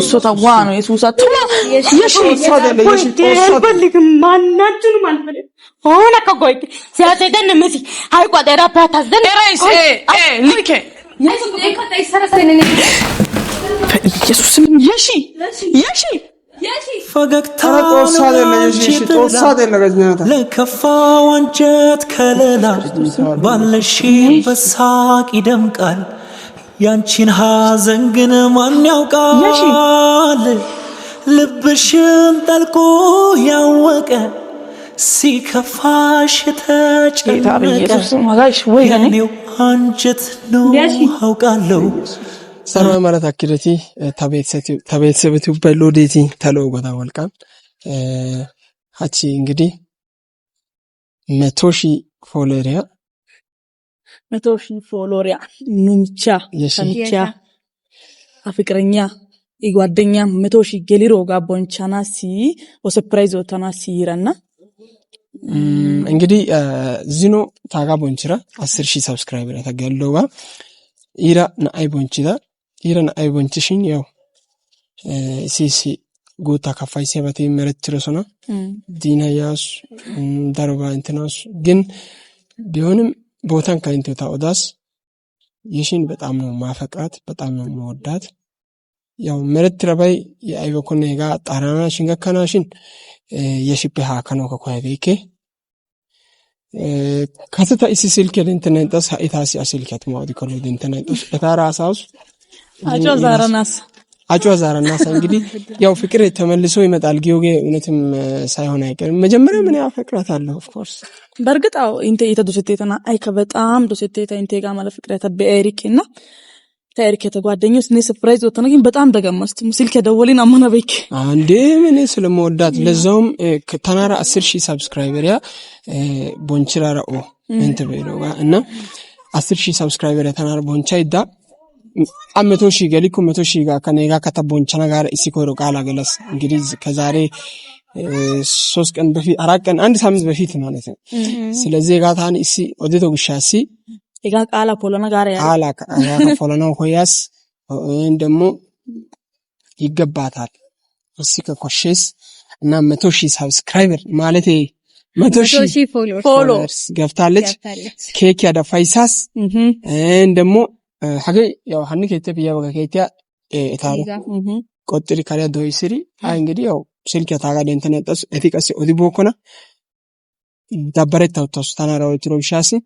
እሷ ታዋና የሱሳ ቱላ የሺ ማናችንም አልፈልግም። ሆነ ከጎይ ሲያዘደን መሲ አይቋ ደራ ፓታዘን ለከፋ ወንጀት ከለላ ባለሽ በሳቅ ይደምቃል ያንቺን ሐዘን ግን ማን ያውቃል? ልብሽን ጠልቆ ያወቀ ሲከፋሽ ተጨነቀ ያኔው አንጀት ነው አውቃለሁ። ሰማ ማለት አኪደቲ ተቤተሰብቱ በሎዴቲ ዴቲ ተለው ጎታ ወልቃም ሀቺ እንግዲህ መቶ ሺ ፎሎሪያ 100,000 ፎሎወር ኑምቻ ሰምቻ አፍቅረኛ ጓደኛ 100,000 ገሊሮ ጋቦንቻና ሲ ወሰፕራይዝ ወተናሲ ይረና እንግዲህ ዝኖ ታጋ ቦንችራ አስር ሺ ሰብስክራይበር ተገለዋ ኢራ ንአይ ቦንችታ ኢራ ንአይ ቦንችሽን ያው ሲሲ ጎታ ካፋይ ሲበቴ መረት ችለሶና ዲና ያሱ ዳሮጋ እንትናሱ ግን ቢሆንም ቦታን ከእንቴ ታውዳስ የሽን በጣም ነው ማፈቃት፣ በጣም ነው መወዳት። ያው መረት ረባይ የአይበኮነ ጋ ጣራና ሽንገከናሽን የሽፔ ሀከኖ ከኳቤኬ ከስታ ኢሲ ስልክ ድንትነንጠስ ሀኢታሲ አስልከት ማዲ ከሎ ድንትነንጠስ በታራ ሳውስ አጆ ዛረናስ አጭዋ ዛራ እናሳ እንግዲህ ያው ፍቅር ተመልሶ ይመጣል። ጊዮጌ እውነትም ሳይሆን አይቀርም። መጀመሪያ ምን ያፈቅራት አለ ኦፍኮርስ በእርግጥ አዎ ኢንቴ ኢተ ዶሴቴተና አይከ በጣም ዶሴቴታ ኢንቴ ጋ ማለ ፍቅር ያተ በኤሪክ እና ተኤሪክ የተጓደኘው ስኔ ስፕራይዝ ወተነ ግን በጣም ደገመስት ስልክ የደወልን አመና በይክ አንዴ ምን ስለመወዳት ለዛውም ከተናራ ሺህ ሰብስክራይበር ያ ቦንችራራ ኦ እንት በለው እና 10000 ሰብስክራይበር ተናራ ቦንቻ ይዳ አመቶ ሺ ገሊኩ መቶ ሺ ጋር ከኔ ጋር ከተቦንቻና ጋር እሲ ኮሮ ቃላ ገለስ እንግዲህ ከዛሬ ሶስት ቀን በፊት አራት ቀን አንድ ሳምንት በፊት ማለት ነው። ስለዚህ ታን እሲ ወደቶ ግሻሲ እጋ ቃል ፖሎና ጋር ያ ቃላ ፖሎና ሆያስ ደግሞ ይገባታል እሲ ከኮሽስ እና መቶ ሺ ሳብስክራይበር ማለት መቶ ሺ ፎሎወርስ ገፍታለች። ኬክ ያደፋይሳስ ደግሞ hagee yaw hanni keettiyaappe yaabagaa keettiyaa etaara qoxxiri kariyaa doyissiri ha enggidi yaw silkkiyaa taagaa denttana ixxasu eti qassi odibookkona dabbaretta uttaasu tanaara oyttido gishshaassi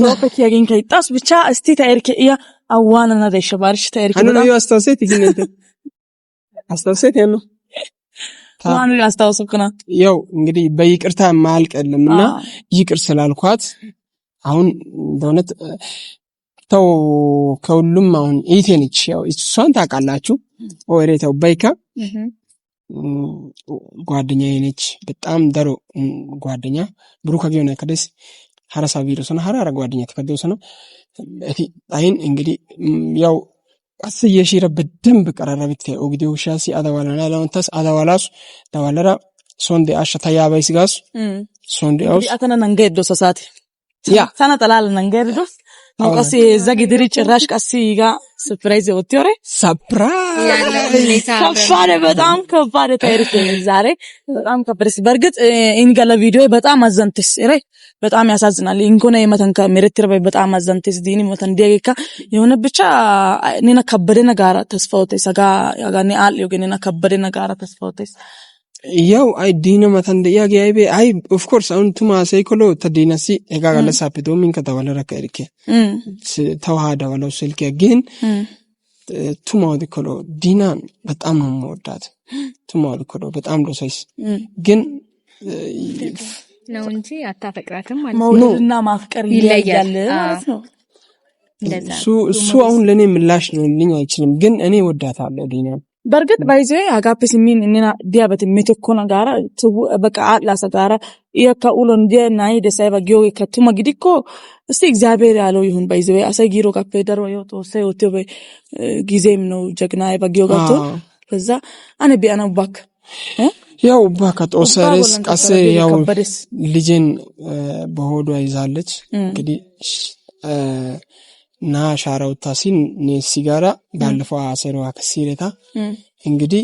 sooppe kiyaaginkka ixxaasu bichcha istti ta erkke iya awu waananadeeshsha baarish ta erkke hanno na'iyo astawuseeti gin inte astawuseeti hanno ዋኑ ያስታውሱክና ያው እንግዲህ በይቅርታ ማልቅ የለምና ይቅር ስላልኳት አሁን በእውነት ተው ከሁሉም አሁን ኢቴ ነች። ያው እሷን ታውቃላችሁ። ወሬ ተው በይካ ጓደኛ ነች። በጣም ደሮ ጓደኛ ብሩ ከቢሆነ ከደስ ሀረሳ ቢሮሰነ ሀራራ ጓደኛ ተከቢሰነ እቲ አይን እንግዲህ ያው ቀስ የሺረ በደንብ ቀረረብት ኦግዴ ውሻሲ አደዋላና ለወንተስ አደዋላሱ ተዋለራ ሶንዴ አሸ ተያባይስ ጋሱ ሶንዴ አውስ አተና ነንገ ዶሰሳት ያ ተና ተላል ነንገ ዶስ ነው ቀስ እዛ ግድሪ ጭራሽ ቀስ ጋ ሰርፕራይዝ ወጥቶ ረ ሰርፕራይዝ ከባድ በጣም ከባድ ታሪክ ዛሬ በጣም ከበደስ። በእርግጥ ኢንገለ ቪዲዮ በጣም አዘንትስ ረ በጣም ያሳዝናል። እንኮነ የመተንከ ሜረት ረበ በጣም አዘንትስ ዲኒ ሞተን ዲያጌካ የሆነ ብቻ ኔና ከበደ ነጋራ ተስፋውቴ ሰጋ ያጋኔ አል ዮገኔና ከበደ ነጋራ ተስፋውቴ ay diina matan de'iyaa giyaabe ay of course aun tuma seekolo ta diinasi egaa gallasaappe doomin ka dawala rakka erike. Taw haa dawalaw ስልክ ግን tuma ወደ ኮሎ ዲናን በጣም ነው የምወዳት። ቱማ ወደ ኮሎ በጣም ዶሳይስ ግን ነው እንጂ አታፈቅራትም ማለት ነው። መውለድና ማፍቀር ይለያል ማለት ነው። እሱ አሁን ለእኔ ምላሽ ነው ልኝ አይችልም። ግን እኔ ወዳታለሁ ዲናን በእርግጥ ባይዘ አጋፔስ ሚን እኔና ዲያበት ሜቶኮና ጋራ በቃ አላሰ ጋራ የካ ኡሎን ዲያ ናይ ደሳይባ ጊዮ ከቱማ ግዲኮ እስቲ እግዚአብሔር ያለው ይሁን። ባይዘ አሳይ ጊሮ ጋፔ ደሮ ዮቶ ተወሰ ወቴ ጊዜም ነው ጀግና ይባ ጊዮ ጋቶ ከዛ አነ ቢያና ባክ ያው ባካ ጦሰሬስ ቀሴ ያው ልጅን በሆዷ ይዛለች እንግዲህ ሻራውታ ሲን ኔሲ ጋራ ባለፈው አሴነዋ ክሲሬታ እንግዲህ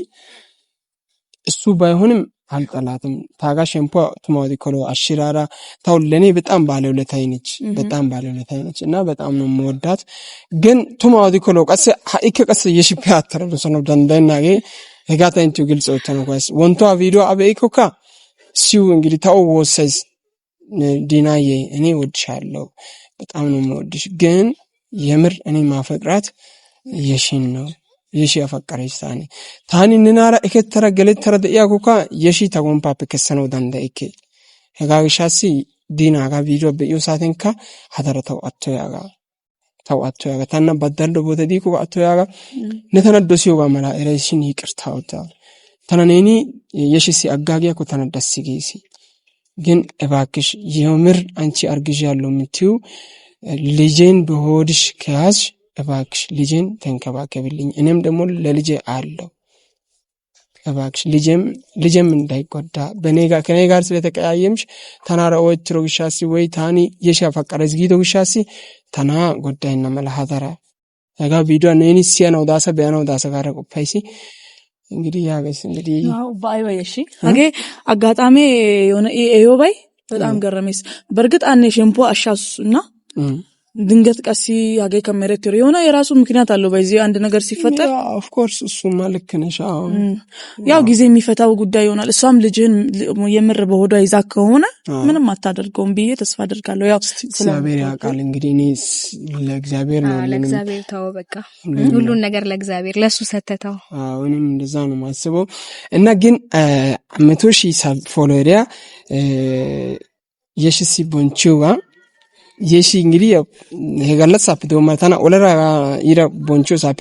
እሱ ባይሆንም አልጠላትም ታጋ ሸምፖ ቱማዲ ኮሎ አሽራራ ታው ለኔ በጣም ባለውለታይ ነች፣ በጣም ባለውለታይ ነች እና በጣም ነው መወዳት። ግን ቱማዲ ኮሎ ቀስ ሀይከ ቀስ የሽፕ አተረብ ሰነው ደንደናጌ ሄጋታ ኢንቱ ግልጽ ወተነ ኳስ ወንቷ ቪዲዮ አበይኮካ ሲው እንግዲህ ታው ወሰስ ዲናዬ እኔ ወድሻለሁ፣ በጣም ነው የምወድሽ ግን የምር እኔ ማፈቅራት የሽን ነው። የሺ አፈቀረች ታኒ ታኒ ንናራ እከተረ ገለተረ ደያ ኩካ የሺ ተጎንፓፕ ከሰነው ደንደይኬ ሄጋግሻሲ ዲናጋ ቪዲዮ በዩ ሳተንካ ሀደረ ተውአቶ ያጋ ተውአቶ ያጋ ታና በደል ቦተ ዲኩ አቶ ያጋ ነተነ ዶሲዮጋ መላ ኤሬሽን ይቅርታውታ የሺ ሲ አጋጊያ ኩ ተነ ደስጊሲ ግን እባክሽ የምር አንቺ አርግሽ ያለው ምትዩ ልጄን በሆድሽ ከያዝሽ እባክሽ ልጄን ተንከባከብልኝ፣ እኔም ደግሞ ለልጄ አለው እባክሽ ልጄም እንዳይጎዳ ከኔ ጋር ስለተቀያየምሽ ተናረ ረኦች ሮግሻሲ ወይ ታኒ የሻ ፈቀረ ዝጊቶ ግሻሲ ተና ጎዳይና መላሃተራ ጋ ቪዲዮ ነኒ ሲያነው ዳሰ ቢያነው ዳሰ ጋር ቆፋይሲ እንግዲህ ያገስ እንግዲህ ባይ ወይ እሺ አገ አጋጣሚ የሆነ ኤዮ ባይ በጣም ገረሜስ በእርግጥ አኔ ሸምፖ አሻሱና ድንገት ቀሲ ሀገ ከመሬት የሆነ የራሱ ምክንያት አለው። በዚህ አንድ ነገር ሲፈጠር ኦፍኮርስ እሱማ ልክ ነሽ። ያው ጊዜ የሚፈታው ጉዳይ ይሆናል። እሷም ልጅህን የምር በሆዷ ይዛ ከሆነ ምንም አታደርገውም ብዬ ተስፋ አደርጋለሁ። ያው እግዚአብሔር ያውቃል። እንግዲህ እኔ ለእግዚአብሔር ነው፣ ለእግዚአብሔር ተው፣ በቃ ሁሉን ነገር ለእግዚአብሔር ለእሱ ሰተተው። እኔም እንደዛ ነው ማስበው እና ግን መቶ ሺህ ፎሎሪያ የሽሲ ቦንቺዋ የሺ እንግዲህ የገለት ሳፕ ደማ ታና ኦለራ ይረ ቦንቾ ሳፕ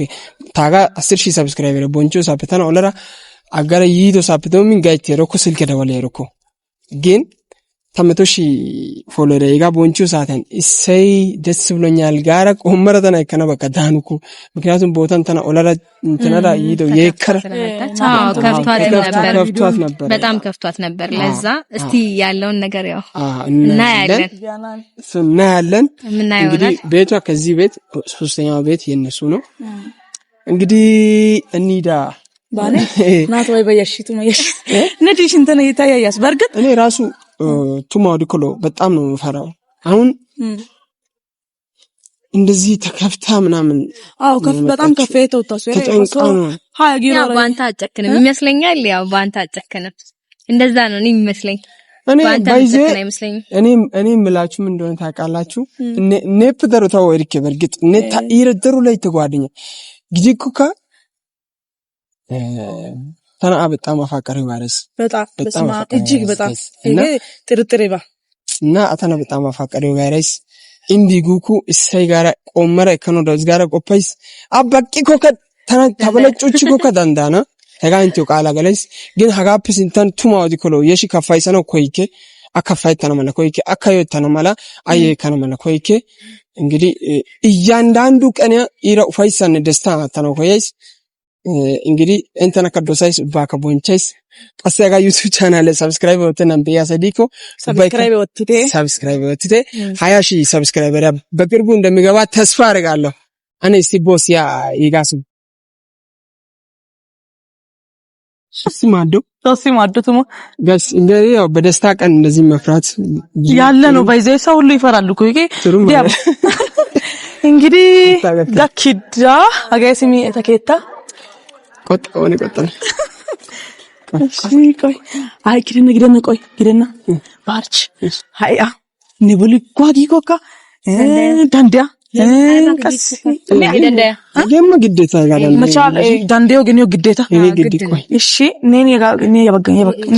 ታጋ 10000 ሰብስክራይበር ቦንቾ ሳፕ ታና ኦለራ አገረ ይይቶ ሳፕ ደሚን ጋይቴ ረኮ ስልክ ደወለ ረኮ ግን tammito shi foolodee egaa bonchuu saaten isai desi biloonyaal gaara qommara tana ekkana bakka daanu ko miknaatum bootan tana olara tinara yido yeekara ከፍቷት ነበር፣ በጣም ከፍቷት ነበር። ለዛ እስቲ ያለውን ነገር ያው እናያለን እናያለን። እንግዲህ ቤቷ ከዚህ ቤት ሶስተኛው ቤት የነሱ ነው። እንግዲህ እኒዳ ባለ ናት ወይ በየሽቱ ነው የሽ ነዲሽ እንትን ይታያያስ በእርግጥ እኔ ራሱ ቱማዲ ክሎ በጣም ነው የምፈራው። አሁን እንደዚህ ተከፍታ ምናምን አዎ፣ በጣም ከፍ የተውታ ሰው ያው አጨክንም ይመስለኛል። ያው ባንተ አጨክንም እንደዛ ነው እኔ የሚመስለኝ። እኔ ባይዘ እንደሆነ ታውቃላችሁ? ኔፕ ደሩ ተው እርኬ በርግጥ ኔታ ይረደሩ ላይ ተጓደኛ ጊዜ ኩካ ተናአ በጣም አፋቀሪ ማለስ በጣም በጣም እጅግ በጣም ይሄ ጥርጥሬ ባ እና አተና በጣም አፋቀሪ ጋይስ እንዲጉኩ እሰይ ጋራ ቆመረ ከኖ ደስ ጋራ ቆፓይስ አባቂ ኮከ ተና ተበለጮች ኮከ ዳንዳና ተጋንቲው ቃላ ገለስ ግን ሀጋፕ ሲንተን ቱማ ወዲ ኮሎ የሺ ከፋይሰነ ኮይኬ አከፋይ ተነመለ ኮይኬ አካዮ ተነመለ አየ ከነመለ ኮይኬ እንግዲህ እያንዳንዱ ቀን ኢራ ፋይሰነ ደስታ ተነው ኮይስ እንግዲህ እንተና አከ ዶሳይስ ባከ ቦንቻይስ ቀስ ያጋ ዩቱብ ቻናል ሰብስክራይብ ወተን አንበያ ሰዲኮ ሰብስክራይብ ወትቴ ሰብስክራይብ ወትቴ ሀያ ሺህ ሰብስክራይበር በቅርቡ እንደሚገባ ተስፋ አድርጋለሁ። እኔ እስቲ ቦስ ያ ይጋሱ ሲማዶ ሲማዶ ተሞ ጋስ እንደዚህ ያው በደስታ ቀን እንደዚህ መፍራት ያለ ነው። ባይዘይ ሰው ሁሉ ይፈራል እኮ ይሄ እንግዲህ ዳኪዳ አጋይ ሲሚ ተከታ ቆጠበን ቆጠበን ቆይ አይ ግደና ግደና ቆይ ግደና ባርች ሀያ ንብል ጓጊ ኮካ ዳንዲያ ደግሞ ግዴታ መቻል ዳንዴው ግን ግዴታ እሺ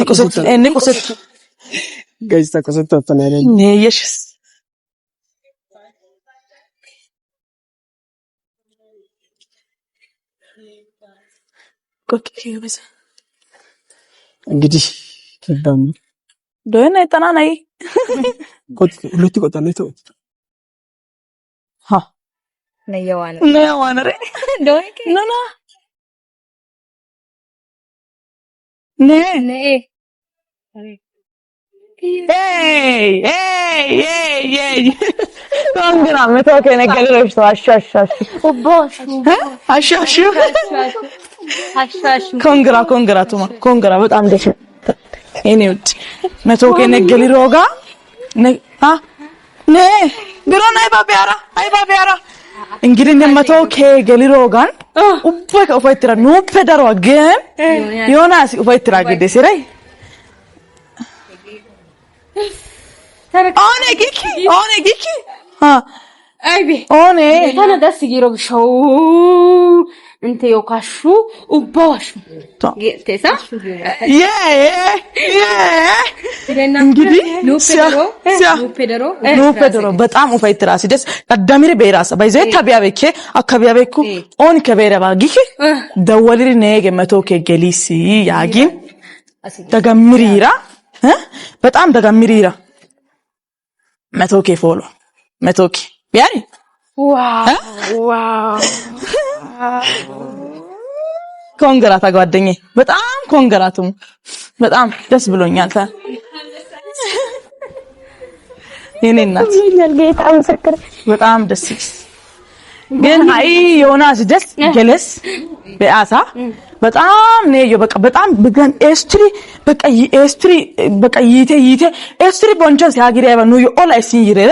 ቆሰት ገጅታ ቆሰት ተፈናለ የሽስ እንግዲህ ከባድ ነው። ዶይነ ተናናይ ሁለት ይቆጣል ነው ተው ነየዋነ ነየዋነ ረ ዶይ ነና ነ ነ ይ ኮንግራ ኮንግራ ቱማ ኮንግራ በጣም ደስ እኔ ውጭ መቶ ከነገሊ ሮጋ አ ነ ግራ ናይ ባቢያራ አይ ባቢያራ እንግዲህ እንደ መቶ ከገሊ ሮጋን ኡበ ከኡፈትራ ኑ ፈደሮ ግን ዮናስ ኡፈትራ ግዴ ሲራይ ኦኔ ጊኪ ኦኔ ጊኪ አ አይቢ ኦኔ ታና ደስ ይሮግ ሾው inte eu cachorro, o bocho. እንግዲህ ኑፔደሮ በጣም ኡፈይት ራሲ ደስ ቀዳሚር ቤራሳ ባይዘ ተቢያቤኬ አካቢያቤኩ ኦን ከቤረባ ጊኪ ደወልሪ ነጌ መቶ ኬገሊሲ ያጊን ደገምሪራ በጣም ደገምሪራ መቶ ኬ ፎሎ መቶ ኬ ቢያሪ ዋው ዋው ኮንግራታ ጓደኛዬ፣ በጣም ኮንግራቱም በጣም ደስ ብሎኛል። የኔ እናት በጣም ደስ ግን አይ ዮናስ ደስ ገለስ በአሳ በጣም ነው በቃ በጣም በገን ኤስትሪ በቃ ኤስትሪ በቃ ይቴ ይቴ ኤስትሪ ቦንቾስ ያግሪያ ነው ኦላይሲን ይረረ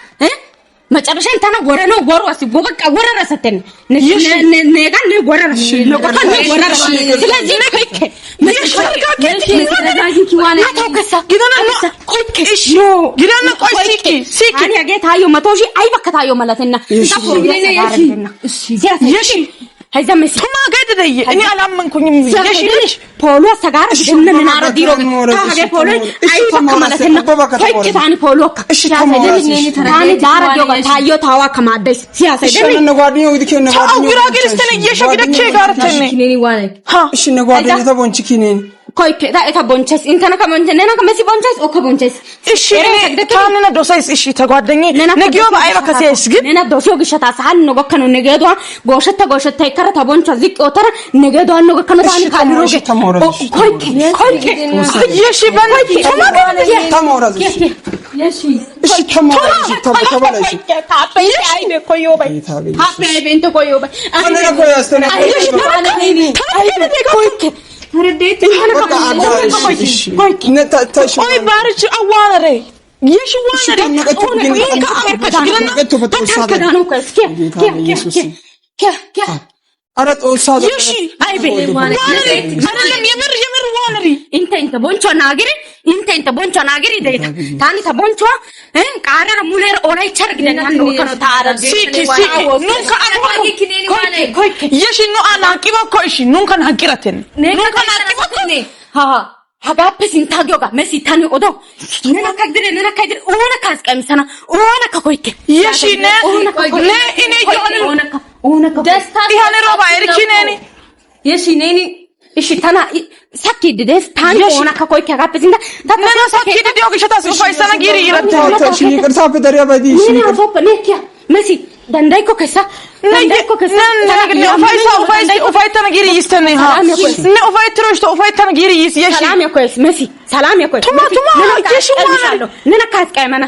መጨረሻ እንተና ወረነ ወሩ አስጎ በቃ ወረረ ሰተን ነጋ ነ ወረረ ለቆታ ነ ወረረ ስለዚህ ነው ከክ ታዮ መቶ ሺህ አይ ከዛ መሲ ተናገደኝ። እኔ አላመንኩኝም። ይሽልሽ ፖሎ ሰጋር ሽነ ምን አረዲሮ ታገር ፖሎ አይ ተማማለተ ፈጭታን ፖሎ እሺ ተማማለተ ታኒ ዳራ ዲዮጋ ታዮ ታዋ ከማደስ ሲያሰ ደኒ እሺ ወይ ዲከ ነጓድኝ ታው koikke da eta bonches intana ka bonches nena ka mesi bonches እሺ ታንነ ዶሳይስ እሺ ተጓደኝ ነጊዮ ባይባ ከሲስ ግን ነና ዶሶ ግሸታ ሳን ነው ገከኑ ነገዶ ጎሸተ ጎሸተ ይከረ ተቦንቾ ዝቅ ወተር ነገዶ ነው ገከኑ ታን ካልሮ ኮይክ ኮይክ እሺ በነት ተማረዝ ተማረዝ እሺ እሺ ተማረዝ ተማረዝ ታበይ አይነ ኮዮ ባይ ታበይ ቤንተ ኮዮ ባይ አነ ኮዮ አስተነ አይነ ኮይክ ተረዴት onri inte inte boncho naagiri inte inte boncho naagiri deeta taani ta boncho eh qaarara muleer olaicha argine tan okano taara siki siki nun ka arwa kineni wane koike yeshi nu ana hakiba koishi nun kan hakiraten nun kan hakiba kunne ha ha habaappe sintaa giyoogaa messi tani odo nena kagdire nena kagdire oonakka asqeemisana oonakka koykke yeshi ne ne ini oonakka oonakka desta ihane roba erkineeni yeshi neeni ishi tana ሰኪድደስ ታንሽ ሆና ከኮይ ከጋበዝና ታና ሰኪድዴው ግሽታስ ፋይሰና ጊሪ ይረዳሽ ይቅርታ ፍደሪያ ባዲሽ መሲ dandayko kessa dandayko kessa ne ufaysa ufaysa ufaytana geri istene ha ne ufaytro işte ufaytana geri is yeşil salam yakoyes mesi salam yakoyes tuma tuma yeşil mana ne nakas kaymana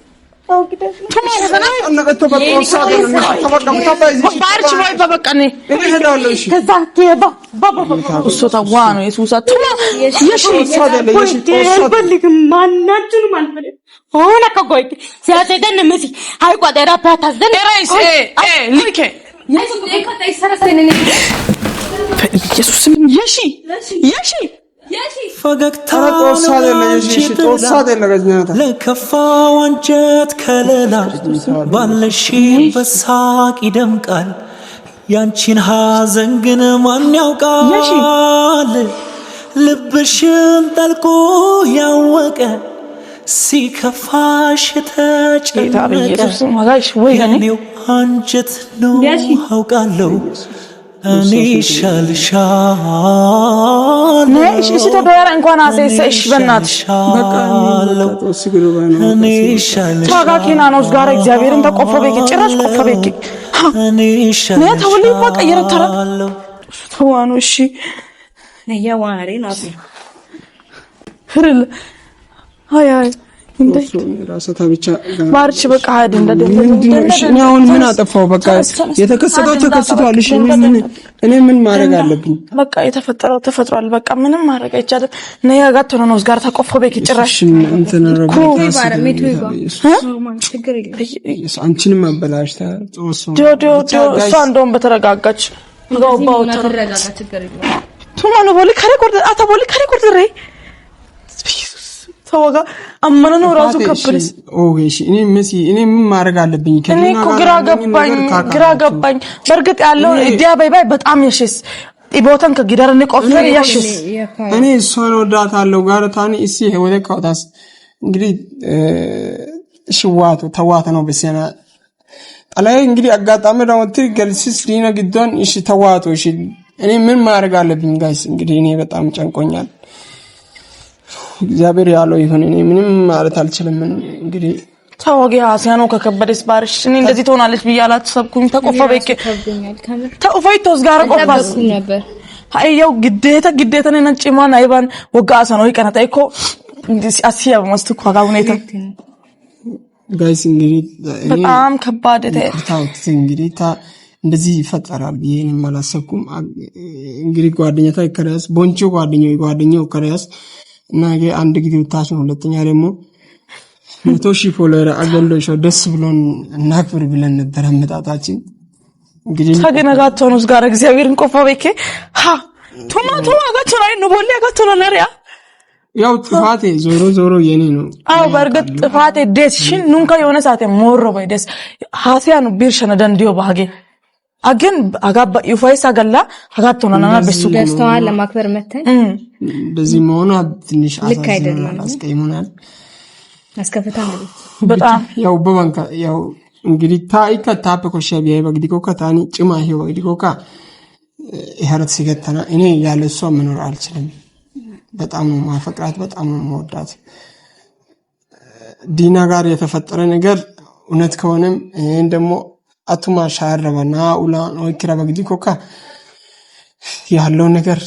የሺ የሺ ፈገግታ ለከፋ ዋንጀት ከለላ ባለሽን በሳቅ ይደምቃል። ያንቺን ሐዘን ግን ማን ያውቃል? ልብሽን ጠልቆ ያወቀ ሲከፋሽ ተጨነቀ። የኔው አንጀት ነው አውቃለሁ እኔ ይሻልሻል እሺ፣ ተደረ እንኳን አሰይሰ እሺ፣ በእናትሽ እኔ ይሻልሻል። ታጋ ኬናኖስ ጋር እግዚአብሔርን ተቆፈ በቂ ጭራሽ ቆፈ በቂ ነ ተውል ቀይረ ተረ ተዋኑ እሺ፣ ነያ ዋሬ ናት ፍርል አይ አይ ማርች በቃ ሀድ አሁን ምን አጠፋው? በቃ የተከሰተው ተከስቷል። እሺ እኔ ምን ማድረግ አለብኝ? በቃ የተፈጠረው ተፈጥሯል። በቃ ምንም ማድረግ አይቻልም። ነያ ጋር ቶኖኖስ ጋር ተቆፎ ቤት ጭራሽ አንቺንም አበላሽታል። እሷ እንደውም በተረጋጋች ቱማኖ ቦሊ ከሬ አታ ቦሊ ከሬ ሬ ሰው ጋር አመነን ነው ራሱ ከፕልስ ኦኬ። እሺ እኔ መሲ እኔ ምን ማድረግ አለብኝ? እኔ እኮ ግራ ገባኝ፣ ግራ ገባኝ። በእርግጥ ያለው እዲያ ባይ በጣም ያሽስ ቦታን ከጊዳር ቆፍተን ያሽስ እኔ እሷን ወዳታለሁ ጋር ታኒ እሲ ህወደ ካውታስ እንግዲህ ሽዋቱ ተዋተ ነው በሰና አላይ እንግዲህ አጋጣሚ ደግሞ ትገልሲስ ዲና ግዶን እሺ ተዋቱ እሺ እኔ ምን ማድረግ አለብኝ ጋይስ? እንግዲህ እኔ በጣም ጨንቆኛል። እግዚአብሔር ያለው ይሁን። እኔ ምንም ማለት አልችልም። እንግዲህ ታወጊ ነው ከከበደስ ባርሽ እኔ እንደዚህ ትሆናለች ብዬ አላሰብኩም። ተቆፋ በቄ ተቆፋይ ተወስ ጋር ቆፋስ አየው ግዴታ ግዴታ ነን ጭማን አይባን ወጋ አሳኖ ይቀናታ እኮ አሲያ ማስተ ኳጋ ሁኔታ ጋይስ እንግዲህ በጣም ከባድ ታውት እንግዲህ ታ እንደዚህ ይፈጠራል ይሄን እኔም አላሰብኩም። እንግዲህ ጓደኛታ ይከራያስ ቦንቾ ጓደኛው ጓደኛው ይከራያስ ነገ አንድ ጊዜ ብታችን፣ ሁለተኛ ደግሞ መቶ ሺህ ፎሎወር አገለሾ ደስ ብሎን እናክብር ብለን ነበረ አመጣጣችን። እንግዲህ ተገነጋቶን ውስጥ ጋር እግዚአብሔርን ቆፋ ቤኬ ሀ ቶማ ቶማ ጋቶና ነው ቦሌ ጋቶና ነሪያ ያው ጥፋቴ ዞሮ ዞሮ የኔ ነው። አዎ በርግጥ ጥፋቴ ደስ ሽን ኑንካ የሆነ ሰዓት ሞሮ ባይ ደስ ሀሲያኑ ቢርሸነ ደንዲዮ ባጌ ግን ዩፋይስ ሳገላ አጋቶና ናና በሱ ደስታዋን ለማክበር መተን በዚህ መሆኑ ትንሽ አስቀይሞናል፣ አስከፍታለች በጣም ያው በባንካ ያው እንግዲህ ታይ ከታፕ ኮሸብ ያይ በግዲኮ ከታኒ ጭማ ይሄ በግዲኮ ካ ይሄረት ሲገተና እኔ ያለ እሷ መኖር አልችልም። በጣም ነው ማፈቅራት፣ በጣም ነው መወዳት። ዲና ጋር የተፈጠረ ነገር እውነት ከሆነም ይህን ደግሞ አቱማ attuma shaarrabanaa ulaan oykira ኮካ ያለው ነገር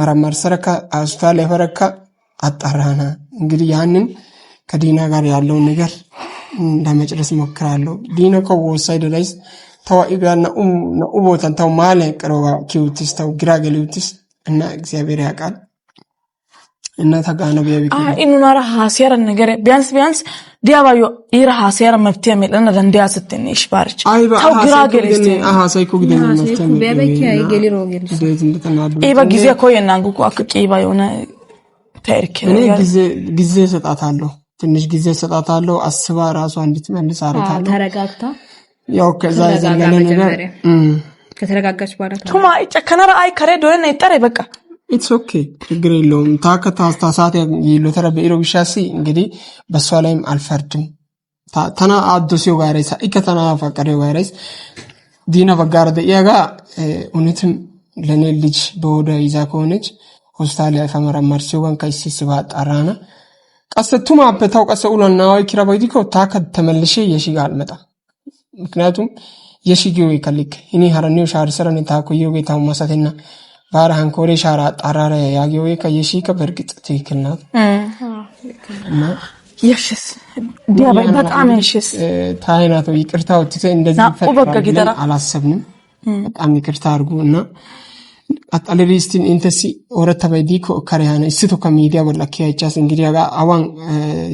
መረመር ሰረካ አስታል የፈረካ አጣራና እንግዲህ ያንን ከዲና ጋር ያለውን ነገር ለመጨረስ ሞክራለሁ። ዲና ከወሳይ ደላይስ ተዋኢ ጋር ነኡ ቦታን ተው ማለ ቅረባ ኪውትስ ተው ግራ ገሊውትስ እና እግዚአብሔር ያውቃል። እና ተቃነ ቢያቢክ አይ ኢኑና ረሃ ሲያረ ነገር ቢያንስ ቢያንስ ዲያባዮ ኢረሃ ሲያረ መፍትሄ ሜለነ ደንዲያ ስትኒ ይሽባርች ታው ግራ ገለስቲ አሃ ሳይኩ ግደኝ መፍትሄ ቢያበኪ አይ ገሊሮ ገለስ ኢባ ጊዜ እኮ የናንኩ አክ ቂባ የሆነ ታሪክ ሰጣታለሁ ትንሽ ጊዜ ሰጣታለሁ አስባ ራሷ እንድትመልስ አረጋታለሁ ተረጋግታ ያው ከዛ የዘለለ ነገር ከተረጋጋች በኋላ ቱማ ይጨከነራ አይ ከሬ ዶነ ይጠረ በቃ ኢትስ ኦኬ ችግር የለውም። ታከታሳት የሎተረ በኢሮ ቢሻሲ እንግዲህ በእሷ ላይም አልፈርድም። ተና አዶሲዮ ጋይረስ ኢከ ተና ፈቀደው ጋይረስ ዲና በጋር ደያጋ እውነትም ለኔ ልጅ በወደ ይዛ ከሆነች ሆስፒታል ፈመረመር ሲሆን ከሲስ ባጣራና ቀሰቱም አበታው ቀሰ ኡላና ወይ ኪራባይቲ ከው ታከ ተመልሼ የሺጋ አልመጣ ምክንያቱም የሺጊው ይከልክ እኔ ሀረኔው ሻርሰረኔ ታኮየው ጌታው ማሳቴና ባር አንኮሬ ሻራ አጣራረ ያየው ከየሺ ከበርግጥ ትክክል ናት። የሽስ ዲያባይ ታይናቶ ይቅርታ ወጥቶ እንደዚህ ፈጥራለን አላሰብንም። በጣም ይቅርታ አድርጉ እና አጣለሪስቲን ኢንተሲ ኦረታ በዲ ከሪያነ እስቶ ከሚዲያ ወላ ኪያቻስ እንግዲህ አዋን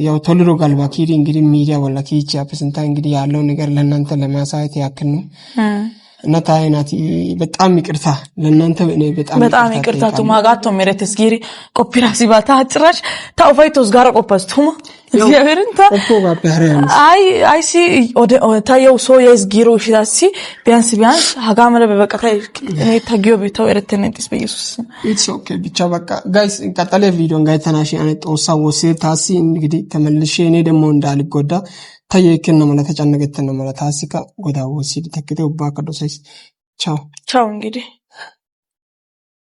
ያው ቶልዶ ጋልባ ኪሪ እንግዲህ ሚዲያ ወላ ኪቻ ፕስንታ እንግዲህ ያለው ነገር ለእናንተ ለማሳየት ያክል ነው። እናት አይናት በጣም ይቅርታ ለእናንተ በጣም ይቅርታ ቱማ ጋቶ ስጊሪ ቆፒራሲ ባታ ጭራሽ ታውፋይቶስ ጋር ቆፓስቱማ እግዚአብሔርን አይ አይ ሲ ታየው ሶ የስ ጊሮ ፊታሲ ቢያንስ ቢያንስ ሀጋመረ መለ በበቀታ ታጊዮ ቤተው ኤረተነ በኢየሱስ ኢትስ ኦኬ ብቻ በቃ ጋይስ ቀጠለ ቪዲዮ ጋይ ተናሽ አነ ጦሳ ወሴ ታሲ እንግዲህ ተመልሼ እኔ ደግሞ እንዳልጎዳ ታየከን ነው ማለት ተጨነገተን ነው ማለት ታሲካ ጎዳ ወሲድ ተከደው ባከዶ ሳይስ ቻው ቻው እንግዲህ